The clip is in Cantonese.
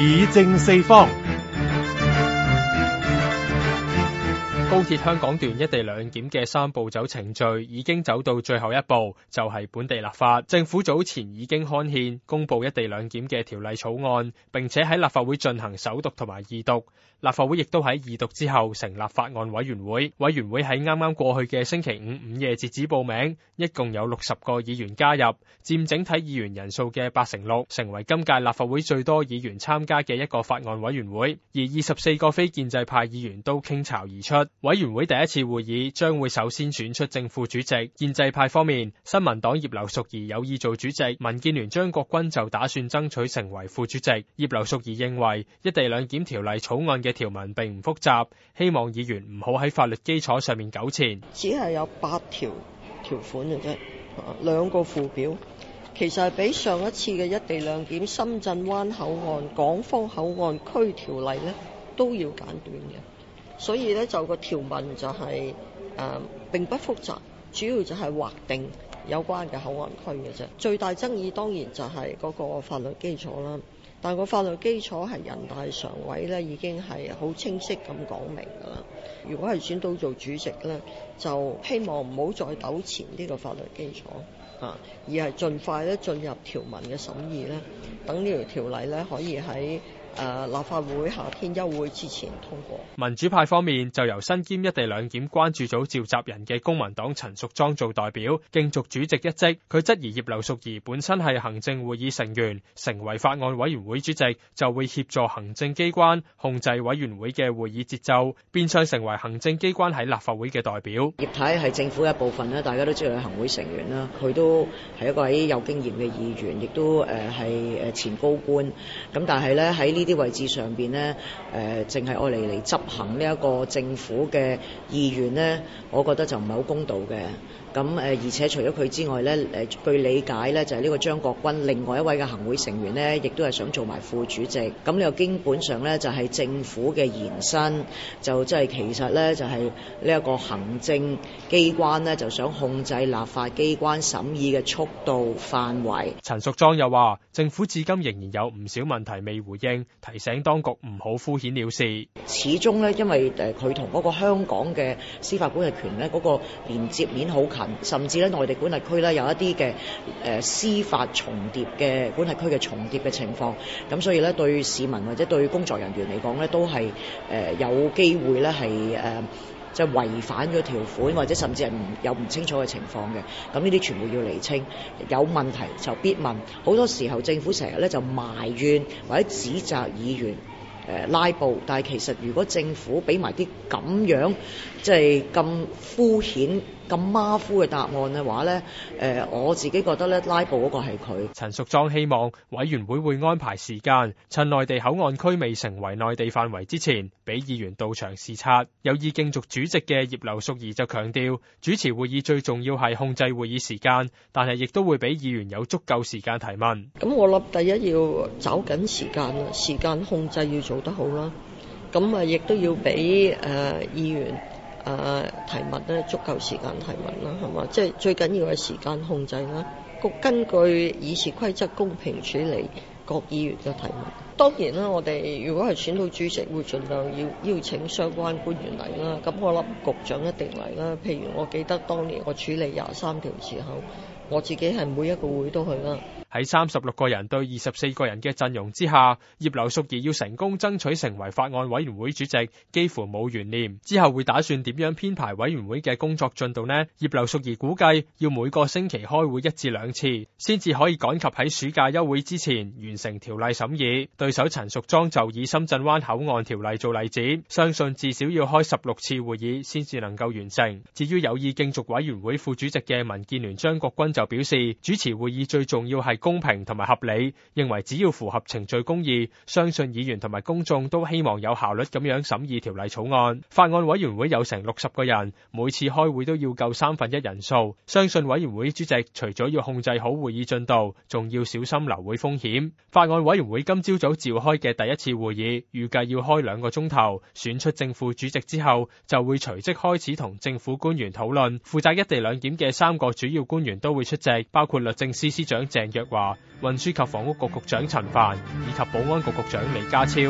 議政四方。高鐵香港段一地兩檢嘅三步走程序已經走到最後一步，就係本地立法。政府早前已經刊憲公布一地兩檢嘅條例草案，並且喺立法會進行首讀同埋二讀。立法會亦都喺二讀之後成立法案委員會。委員會喺啱啱過去嘅星期五午夜截止報名，一共有六十個議員加入，佔整體議員人數嘅八成六，成為今屆立法會最多議員參加嘅一個法案委員會。而二十四個非建制派議員都傾巢而出。委員會第一次會議將會首先選出正副主席。建制派方面，新民黨葉劉淑儀有意做主席，民建聯張國軍就打算爭取成為副主席。葉劉淑儀認為《一地兩檢》條例草案嘅條文並唔複雜，希望議員唔好喺法律基礎上面糾纏。只係有八條條款嘅啫，兩個附表，其實係比上一次嘅《一地兩檢》深圳灣口岸、港方口岸區條例呢都要簡短嘅。所以咧就個條文就係、是、誒、呃、並不複雜，主要就係劃定有關嘅口岸區嘅啫。最大爭議當然就係嗰個法律基礎啦。但個法律基礎係人大常委咧已經係好清晰咁講明㗎啦。如果係選到做主席咧，就希望唔好再糾纏呢個法律基礎嚇、啊，而係盡快咧進入條文嘅審議咧，等呢條條例咧可以喺。誒，立法會夏天休會之前通過。民主派方面就由身兼一地兩檢關注組召集人嘅公民黨陳淑莊做代表競逐主席一職，佢質疑葉劉淑儀本身係行政會議成員，成為法案委員會主席就會協助行政機關控制委員會嘅會議節奏，變相成為行政機關喺立法會嘅代表。葉太係政府嘅一部分啦，大家都知道佢係行會成員啦，佢都係一個喺有經驗嘅議員，亦都誒係誒前高官。咁但係呢，喺呢。啲位置上邊咧，誒、呃，淨係愛嚟嚟執行呢一個政府嘅意願咧，我覺得就唔係好公道嘅。咁誒，而且除咗佢之外咧，誒據理解咧，就係呢個張國軍另外一位嘅行會成員呢，亦都係想做埋副主席。咁你又基本上咧，就係政府嘅延伸，就即係其實咧，就係呢一個行政機關呢，就想控制立法機關審議嘅速度範圍。陳淑莊又話：政府至今仍然有唔少問題未回應，提醒當局唔好敷衍了事。始終咧，因為誒佢同嗰個香港嘅司法管轄權咧，嗰個連接面好近。甚至咧，內地管轄區咧，有一啲嘅誒司法重疊嘅管轄區嘅重疊嘅情況，咁所以咧對市民或者對工作人員嚟講咧都係誒有機會咧係誒即係違反咗條款，或者甚至係唔有唔清楚嘅情況嘅。咁呢啲全部要釐清，有問題就必問。好多時候政府成日咧就埋怨或者指責議員誒拉布，但係其實如果政府俾埋啲咁樣即係咁敷衍，咁馬虎嘅答案嘅話呢，誒、呃、我自己覺得咧，拉布嗰個係佢。陳淑莊希望委員會會安排時間，趁內地口岸區未成為內地範圍之前，俾議員到場視察。有意競逐主席嘅葉劉淑儀就強調，主持會議最重要係控制會議時間，但係亦都會俾議員有足夠時間提問。咁我諗第一要找緊時間啦，時間控制要做得好啦，咁啊亦都要俾誒議員。誒、啊、提問咧，足夠時間提問啦，係嘛？即係最緊要係時間控制啦。局根據議事規則公平處理各議員嘅提問。當然啦，我哋如果係選到主席，會盡量要邀請相關官員嚟啦。咁我諗局長一定嚟啦。譬如我記得當年我處理廿三條時候，我自己係每一個會都去啦。喺三十六個人對二十四個人嘅陣容之下，葉劉淑儀要成功爭取成為法案委員會主席，幾乎冇懸念。之後會打算點樣編排委員會嘅工作進度呢？葉劉淑儀估計要每個星期開會一至兩次，先至可以趕及喺暑假休會之前完成條例審議。對手陳淑莊就以深圳灣口岸條例做例子，相信至少要開十六次會議先至能夠完成。至於有意競逐委員會副主席嘅民建聯張國鈞就表示，主持會議最重要係。公平同埋合理，認為只要符合程序公義，相信議員同埋公眾都希望有效率咁樣審議條例草案。法案委員會有成六十個人，每次開會都要夠三分一人數，相信委員會主席除咗要控制好會議進度，仲要小心流會風險。法案委員會今朝早，早召開嘅第一次會議，預計要開兩個鐘頭，選出正副主席之後，就會隨即開始同政府官員討論。負責一地兩檢嘅三個主要官員都會出席，包括律政司司長鄭若話、運輸及房屋局局長陳帆，以及保安局局長李家超。